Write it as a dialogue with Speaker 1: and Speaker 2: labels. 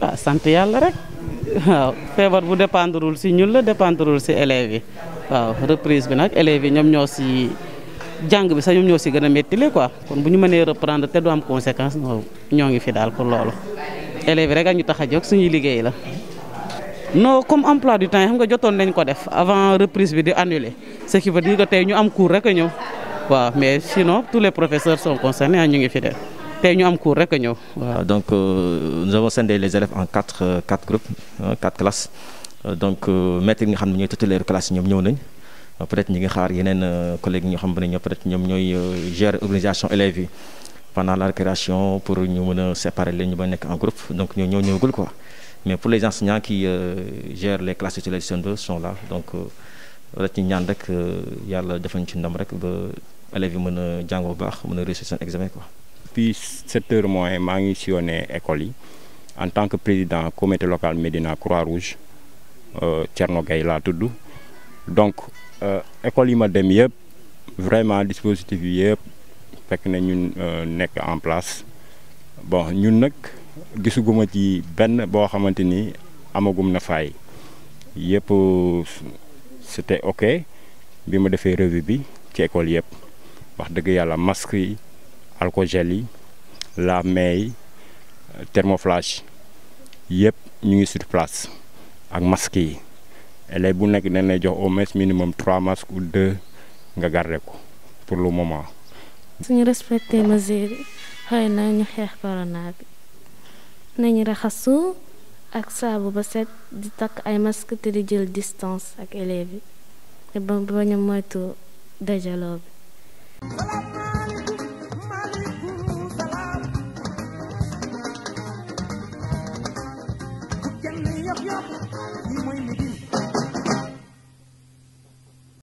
Speaker 1: ah sant yàlla rek waaw feebar bu dépendrewul si ñun la dépendrewul si élèves yi waaw reprise bi nag élèves yi ñoom ñoo si jàng bi sax ñoom ñoo si gën a méttile ko kon bu ñu mënee reprendre te du am conséquence ñoo ngi fi daal pour loolu élèves yi rek ak ñu tax a jóg suñuy liggéey la. non comme emploi du temps yi xam nga jotoon nañ ko def avant reprise bi di annuler ce qui veut dire que tey ñu am cours rek a ñëw waaw mais sinon tous les professeurs sont concernés ah, ñu ngi fi de tey ñu am cours rek a ñëw
Speaker 2: waaw. donc euh, nous avons les élèves en quatre euh, quatre groupes quatre classes euh, donc euh, maître yi nga xam ne ñooy titulaire classe ñoom ñëw nañ. peut-être ngi xaar yeneen collègues yi ñoo xam ne ñoom peut-être ñoom ñooy gérer organisation élèves yi pendant la récréation pour ñu mën a séparer leen ñu ba nekk en groupe ñoo ñoo ñëwagul quoi mais pour les enseignants qui euh, gèrent les classes de Seen 2 son la donc euh, rek ñu ñaan rek euh, yàlla defal ñu ci ndam rek ba élèves yi mën a jàng bu baax mën a réussir seen examen quoi.
Speaker 3: depuis sept heures moins maa ngi si sillonné école yi en tant que président comité local Médina Croix-Rouge Thierno Gaye laa tudd donc école yi ma dem yëpp vraiment dispositif yi yëpp fekk na ñun nekk en place bon ñun nag. gisuguma ci benn boo xamante ni amagum na faay yëpp te ok bi ma defee revue bi ci école yëpp wax dëgg yàlla masque yi alcool gel yi lave-mains yi yëpp ñu ngi sur place ak masque yi élève bu nekk dañ lay jox au moins minimum trois masques ou deux nga garde ko pour le moment.
Speaker 4: suñu respecté mesures yi xëy na ñu xeex corona nañ raxasu ak saabu ba set di takk ay masque te di jël distance ak élèves yi te ba bañ a moytu dajaloo bi